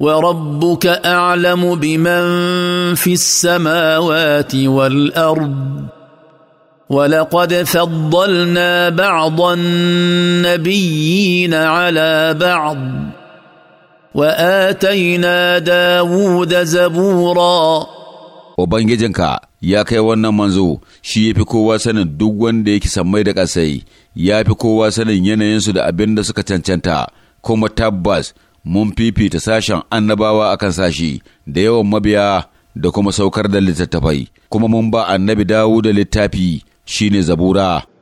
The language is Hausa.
وربك اعلم بمن في السماوات والارض ولقد فضلنا بعض النبيين على بعض واتينا داود زبورا Ubangijinka ya kai wannan manzo shi ya fi kowa sanin duk wanda yake sammai da ƙasai, ya fi kowa sanin yanayinsu da abin da suka cancanta, kuma tabbas mun fifita sashen annabawa akan sashi da yawan mabiya da kuma saukar da littattafai kuma mun ba annabi dawo da littafi shine zabura